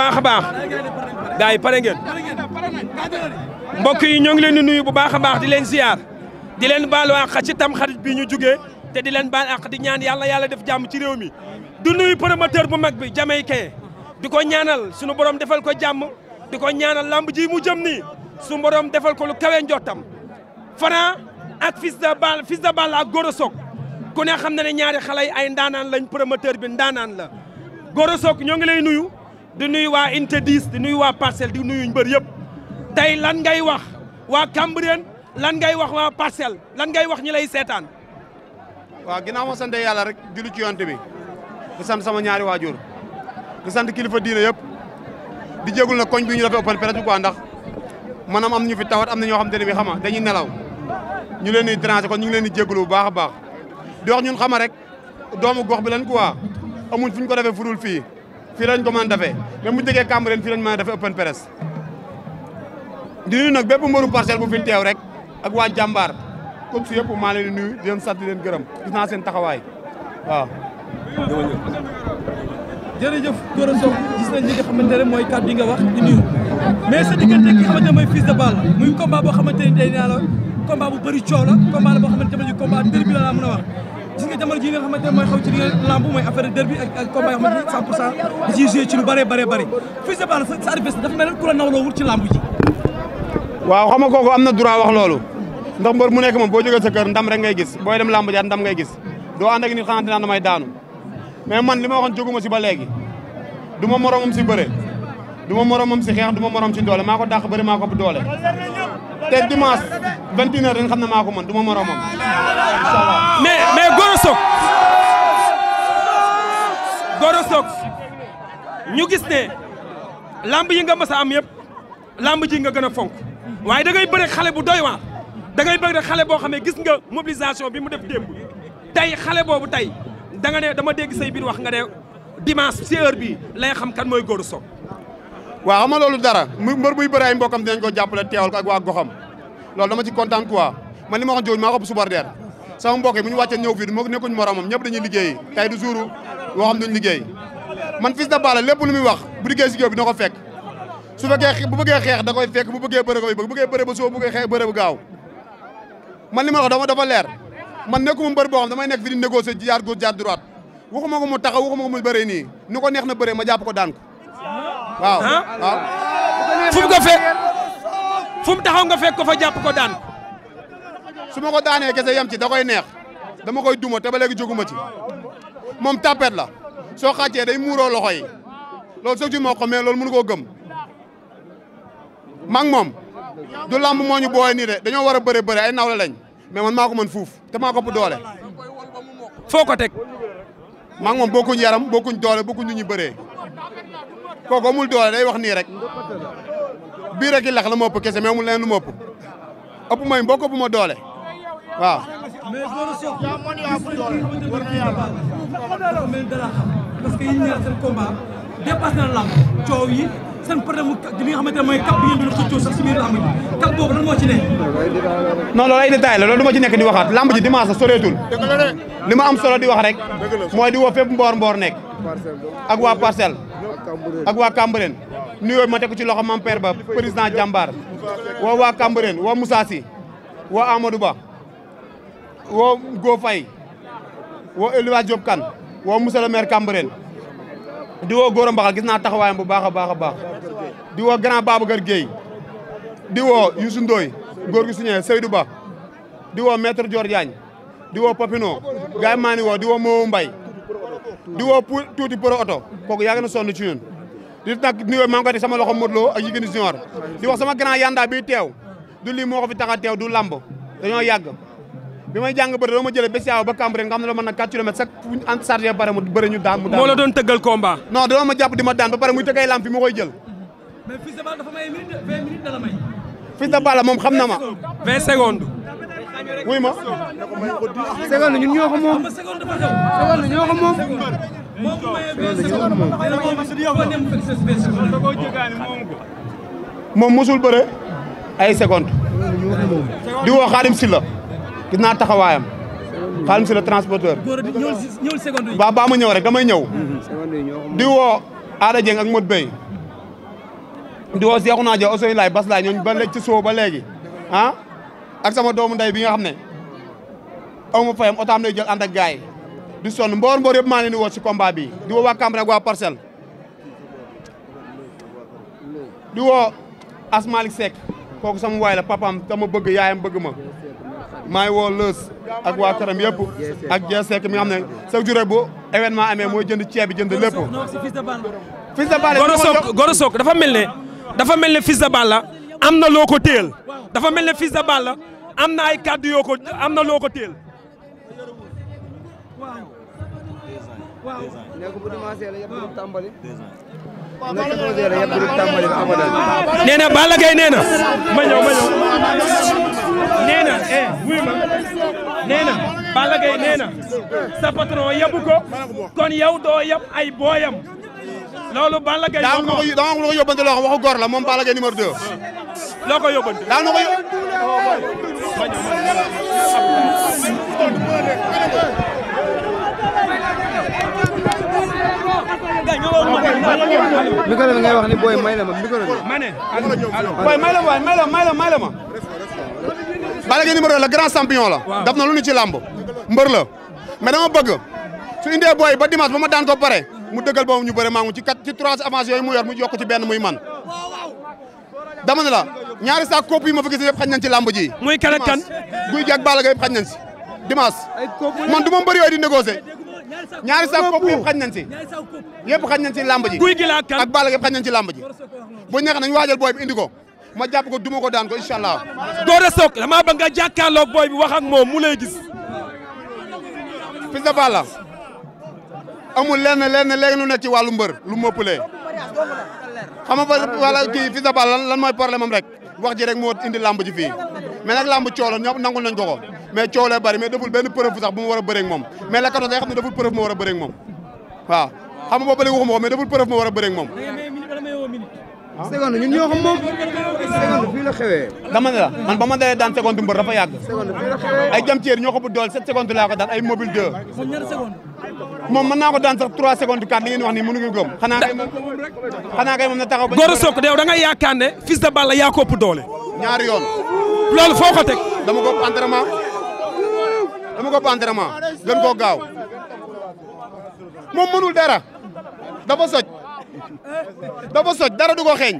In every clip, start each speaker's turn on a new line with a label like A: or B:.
A: baax a baax gars yi pare mbokk yi ñoo ngi leen di nuyu bu baax a baax di leen ziar di leen baalu àq ci tam xarit bi ñu jugee te di leen baal àq di ñaan yàlla yàlla def jàmm ci réew mi. du nuyu promoteur bu mag bi Jamaïcain di ko ñaanal sunu borom defal ko jàmm di ko ñaanal lamb ji mu jëm nii sunu borom defal ko lu kawe njottam Franc ak Fils de Balla Fils de Balla ku ne xam na ne ñaari xale yi ay ndaanaan lañ promoteur bi ndaanaan la Gora Sock nuyu. di nuyu waa unité 10 di nuyu waa parcelle di nuyu mbër yépp tey lan ngay wax waa
B: Cambérène lan ngay wax waa parcelle lan ngay wax ñi lay seetaan. waaw ginnaaw ma sant yàlla rek julli ci yonte bi di sant sama ñaari waajur di sant kilifa diine yëpp di jégul na koñ bi ñu defee open press bi quoi ndax maanaam am ñu fi tawat am na ñoo xam te ne bi xama dañuy nelaw ñu leen di déranger ko ñu ngi leen di jégalu bu baax a baax di wax ñun xama rek doomu gox bi lan quoi amuñ fu ñu ko defee fudul fii. fii lañ ko mën a defee même bu jógee Cambérène fii lañ mën a defee open di nag bépp mbaru parcelle bu fi teew rek ak waa jàmbaar comme si yëpp maa leen di di leen sant gërëm gis naa seen taxawaay waaw. jërëjëf Gora Sock gis
A: nañ li mooy kàddu yi nga wax di nuyu mais sa diggante ki nga xamante ne mooy Fils de muy combat boo xamante ne day bu bëri coow la boo xamante ne combat dër bi a wax. gis nga jamono ji nga xamante ne mooy xaw ci li lamb mooy affaire derby ak ak combat yoo xamante ne 100 pour cent da ciy joué ci lu bëree bëree bëri Fils de Balla ci lamb ji
B: waaw xam nga kooku am na droit wax loolu ndax mbër mu nekk moom boo jógee sa kër ndam rek ngay gis booy dem lamb jaat ndam ngay gis doo ànd ak nit xamante naa damay daanu mais man li ma waxoon jóguma si ba léegi du ma moromam si bëre du ma moromam si xeex du ma morom si doole maa ko dàq bëri maa ko bu doole te dimanche vingt une heure xam ne maa ko mën du ma moromam mais mais Gora Sock Gora Sock ñu gis ne
A: làmb yi nga mës a am yëpp lamb ji nga gën a fonk waaye dangay ngay bëre xale bu doy waar da ngay bëre xale boo xam ne gis nga mobilisation bi mu def démb tey xale boobu tey da nga ne dama dégg say biir wax nga ne dimanche si heure bi lay xam kan mooy Gora
B: Sock waaw xam nga loolu dara mbër buy bëre ay mbokkam dinañ ko jàppale teewal ko ak waa goxam loolu dama ci kontaan quoi man li ma waxoon jooju maa ko subardeer sama mbokk yi bu ñu wàccee ñëw fii du ma moromam ñëpp dañuy liggéey tey du jour woo xam liggéey man Fils de Balla lépp lu muy wax bu liggéey si géew bi na ko fekk su fekkee bu bëggee xeex da koy fekk bu bëggee bëre koy bëgg bu bëggee bëre ba soo bëggee xeex bëre bu gaaw man li ma wax dama dafa leer man nekkuma mbër boo xam damay nekk fi di négocier jaar gauche jaar droite waxuma ko mu taxaw waxuma ko mu bëree nii ni ko neex na bëree ma jàpp ko daan ko waaw ah. waaw fu mu ko fu taxaw nga fekk ko fa jàpp ko daan su ma ko daanee kese yam ci da koy neex dama koy duma te ba léegi jóguma ci moom tappet la soo xàccee day muuroo loxo yi loolu soog ci moo ko mais loolu mënu koo gëm ma moom du làmb moo ñu booyee nii de dañoo war a bëre bëre ay nawle lañ mais man maa ko mën fuuf te maa ko ëpp doole. foo ko teg. ma moom boo bokkuñ yaram bokkuñ doole bokkuñ ñu ñu ko kooku mul doole day wax nii rek. bii rek lax la ma ëpp kese mais amul leneen lu ma ëpp ëpp mooy mbokk bu ma doole waaw. mais loolu soog yaa mën yaa ëpp doole
A: war na yàlla. mais dara xam
B: parce que yéen ñaar seen combat dépassé na lamb
A: coow yi seen problème bi nga xamante ne mooy cap bi ngeen doon xëccoo sax si biir lamb ji cap boobu lan moo ci ne.
B: non loolu ay détails la loolu du ma ci nekk di waxaat lamb ji dimanche la soreetul. li ma am solo di wax rek. mooy di woo fépp mboor mboor nekk. ak waa parcelle. ak waa Cambérène. nuyoo ma teg ci loxo mam père ba président jàmbaar woo waa Cambérène woo Moussa woo Amadou woo Go woo Eliwa Diop woo monsieur le di woo Gora gis naa taxawaayam bu baax a baax a baax di woo grand Babacar Gueye di woo Youssou Ndoye góor gi suñu Seydou di woo maître Dior Diagne di woo Papino gars di woo Momo di woo tuuti pro oto kooku yàgg na sonn ci di nag nuyoo maa ngi koy teg sama loxo Modou Lo ak Yékini Junior di wax sama grand yanda bi teew du lii moo fi tax a teew du lamb dañoo yàgg bi may jàng bëri dama ma jëlee ba Siaw ba Cambérène nga xam ne la mën na 4 kilomètres chaque fu ñu en mu bëri ñu daan mu daan moo la doon
A: tëggal combat
B: non ba pare muy ma koy jël
A: mais Fils de Balla dafa may minute 20 minutes dala
B: may moom xam na ma 20 secondes wuy ma seconde ñun ñoo ko moom seconde ñoo ko moom
A: moom bu
B: mayee mosul bëre ay seconde di woo Xaalim Silla gis naa taxawaayam Xaalim Silla transporteur ba ba ma ñëw rek damay ñëw di woo Aada Dieng ak Modou Bey di woo Seexu Naajo Ousseynou Laye Bas ñooñu ba léegi ci soo ba léegi ah ak sama doomu nday bi nga xam ne aw ma fayam otaam lay jël ànd ak du sonn mboor mboor yëpp maa leen di woo si combat bi di woo waa Cambérène waa Parcelles di woo Asmalik Seck kooku sama waay la papam dama bëgg yaayam bëgg ma maa ngi woo lës ak waa këram yëpp ak Dieng Seck mi nga xam ne chaque jour bu événement amee mooy jënd ceeb bi jënd lépp. Fils de Balla Gora Sock
A: Gora Sock dafa mel ne dafa mel ne Fils de Balla am na loo ko téel dafa mel ne Fils de Balla am na ay kàddu yoo ko am na loo ko téel
B: ne ko bu dimanche la yëpp du tàmbali. nee na eh, wuy ma nee na Balla Gaye na
A: sa kon yow doo ay booyam loolu Balla Gaye. daa
B: ko daa ma ko yóbbante la moom Balla Gaye numéro 2. loo ko micro bi ngay wax ni booy may la ma micro bi. ma ne booy may la ma may la may may la ma. Balla Gaye numéro la grand champion la. daf na lu ñu ci làmb mbër la mais dama bëgg su indee booy ba dimanche ba ma daan ko pare mu dëggal boobu ñu bëre ma ngi ci kat ci trois avance yooyu mu yor mu yokk ci benn muy man. dama ne la ñaari sa kopp yi ma fa gis yëpp xañ nañ ci làmb ji. muy kan ak kan. guy gi ak yëpp xañ nañ si dimanche. man du mbër yooyu di négocier. ñaari saako kopp yëpp xañ nañ si yëpp xañ nañ si làmb ji ak Balla yëpp xañ nañ si làmb ji bu neex nañ waajal booy bi indi ko ma jàpp ko duma ko daan ko incha allah. doore soog damaa bëgg nga jàkkaarloog booy bi wax ak moom mu lay gis. Fils de Balla amul lenn lenn léegi lu nekk ci wàllu mbër lu mu ëppalee xam nga wala kii Fils de Balla lan mooy problème am rek wax ji rek moo indi làmb ji fii mais nag làmb coolo ñoom nangul nañ ko mais coow lee bëri mais deful benn sax bu mu war a bëreeg moom mais la 14 day xam ne mu war a bëreeg moom waaw xam nga boobu léegi waxuma ko mais deful mu war a bëreeg moom ah. dama ne la ma dalee daan seconde mbër dafa yàgg ay jam ceer ñoo ko bu dool sept secondes ay mobile deux moom mën naa ko daan sax trois secondes quatre li wax nii mënu ngi gëm xanaa kay moom xanaa na taxaw Gora Sock
A: yow da nga yaakaar ne Fils de Balla yaa ko ëpp doole
B: ñaari yoon loolu foo ko dama ko entraînement dama ko entraînement gën koo gaaw moom mënul dara dafa soj dafa soj dara du ko xeeñ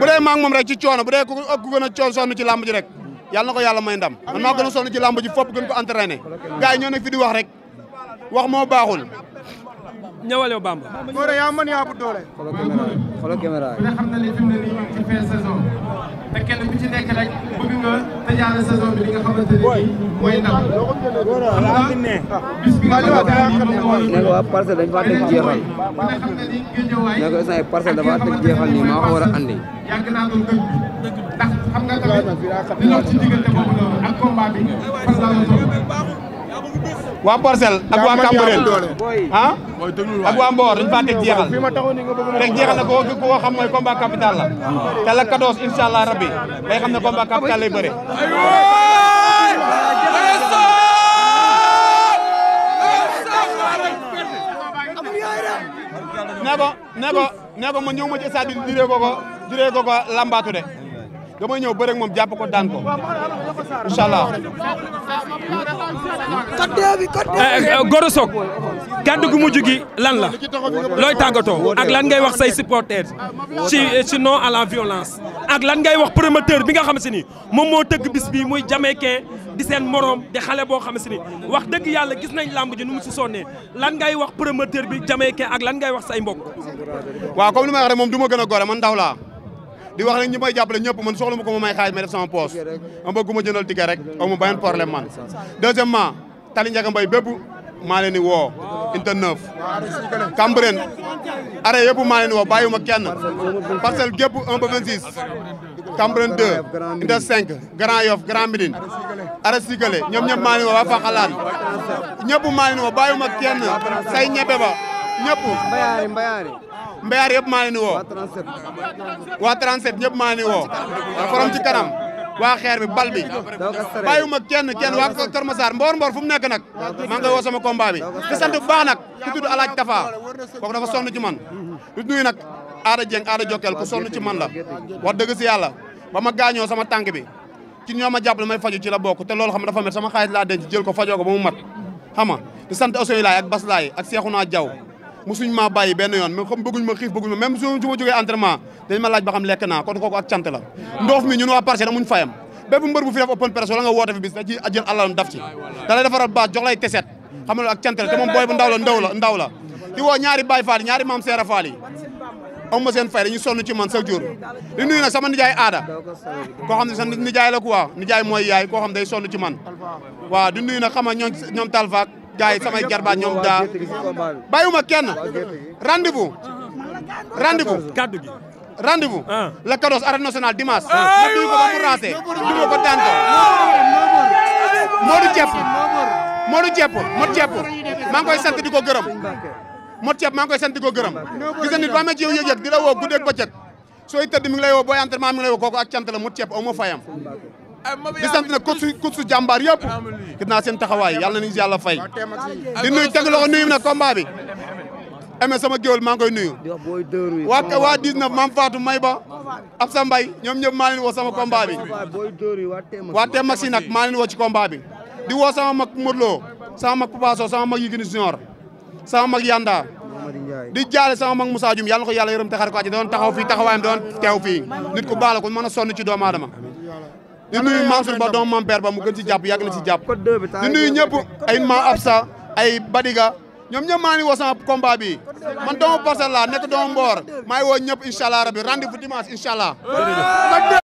B: bu dee maa moom rek ci coono bu dee ku ëpp ku gën a coono ci làmb ji rek yàlla na ko yàlla may ndam man maa gën a ci làmb ji fopp gën ko entraîné gars yi ñoo nekk di wax rek wax moo baaxul ñëwal yow Bamba. Mor te kenn ku ci nekk rek bëgg nga tëjaale saison bi li nga xamante ne bii mooy nga bis bi ne bii waa parcelle dañu jeexal. ne ko instant parcelle dafa jeexal nii maa ko war a andi. waa Parcelles ak waa Cambérène ah ak waa Mbor dañu faa teg jeexal teg jeexal na ko koo xam mooy combat capital la te la 14 incha rabbi day xam ne combat capital lay bëre. ne ko ne ko ne ko ma ñëw ma ci stade bi diree ko ko diree ko de. dama ñëw bëre ak moom jàpp ko daan ko incha allah. Eh, Gora gu mujj gi lan la looy tàggatoo ak lan ngay wax
A: say supporters si ci non à la violence ak lan ngay wax promoteur bi nga xam si ni moom moo tëgg bis bi muy Jamaïcain di seen moroom di xale boo xam si ni wax dëgg yàlla gis nañ làmb ji nu mu si sonnee lan ngay wax promoteur bi Jamaïcain ak lan ngay wax say mbokk.
B: waaw comme li ma wax moom du ma gën a gore man ndaw laa. di wax rek ñi may jàppale ñëpp man soxla ma ko ma may xaaj ma def sama poos ma bëgg ma jëndal ticket rek aw ma beneen problème man deuxièmement tali njaga mbay bépp maa leen di woo inte neuf Cambérène arrêt yëpp maa woo bàyyiwuma kenn parcelle gépp 1 ba 26 Cambérène 2 inte 5 Grand Yoff Grand Médine arrêt Sikale ñëpp maa leen di woo waa Fakhalane ñëpp maa woo bàyyiwuma kenn say ñebe ñëpp. mbayaari mbayaari. mbayaari yëpp maa leen di woo. waa 37. waa ñëpp maa leen di woo. forom ci kanam. waa xeer bi bal bi bàyyiwuma kenn kenn waa Kër Massar Mbor Mbor fu mu nekk nag maa ngi koy woo sama sant bu baax nag ku tudd alaaj Tafa kooku dafa sonn ci man du nuyu nag aada Dieng aada Jokkel ku sonn ci man la wax dëgg si yàlla ba ma gaañoo sama tànk bi ci ñoo ma jàppale may faju ci la bokk te loolu xam dafa met sama xaalis laa denc jël ko fajoo ba mu mat xam nga san sant Ousseynou ak Bas Laye ak musuñ maa bàyyi benn yoon mais comme bëgguñ ma xiif bëgguñ ma même su ma jógee entraînement dañ ma laaj ba xam lekk naa kon kooku ak cant ndoof mi ñun waa parcelle amuñ fayam bépp mbër bu fi def open press wala nga woote fi bis da ci ajjël alalam daf ci da lay defaral baax jox teset xam ak cant te moom booy bu ndaw la ndaw la ndaw ñaari Baye Fall ñaari maam Seera Fall yi seen fay dañu sonn ci man chaque jour nuyu nag sama nijaay aada koo xam nijaay la quoi nijaay mooy yaay gars yi samay jarbaat ñoom daa bàyyiwuma kenn rendez-vous rendez-vous kaddu gi rendez-vous la Cados ma duy ko ba mu raase duy ko daan ko Modou Thiep Modou Thiep Modou Thiep maa ngi koy sant di ko gërëm Modou Thiep maa ngi sant di ko gërëm gis na nit ba amee ci yow yëg-yëg di la woo guddeeg bëccëg sooy tëdd mi ngi lay woo booy entraînement mi ngi lay woo kooku ak cant la Modou Thiep aw fayam di sant nag coach coach su jàmbaar yëpp gis naa seen taxawaay yàlla nañu si yàlla fay di nuyu teg loxo nuyu nag combat bi eme sama géwél maa ngi koy nuyu waa waa na maam Fatou may ba ab sa mbay ñoom ñëpp maa leen woo sama combat bi waa teem ak si nag maa leen woo ci combat bi di woo sama mag Modou Lo sama mag Papa Sow sama mag Yékini Junior sama mag Yanda di jaale sama mag Moussa Dioum yàlla na ko yàlla yërëm te xar ko doon taxaw fii taxawaayam doon teew fii nit ku baax la ku mën a sonn ci doomu aadama di nuyu Mansour ba doom mam ba mu gën jàpp yàgg na ci jàpp di nuyu ñëpp ay ma absa ay badiga ñoom ñëpp maa ngi woo sama combat bi man doomu parcelle laa nekk doomu mboor maa ngi woo ñëpp incha allah rabi rendez-vous dimanche incha allah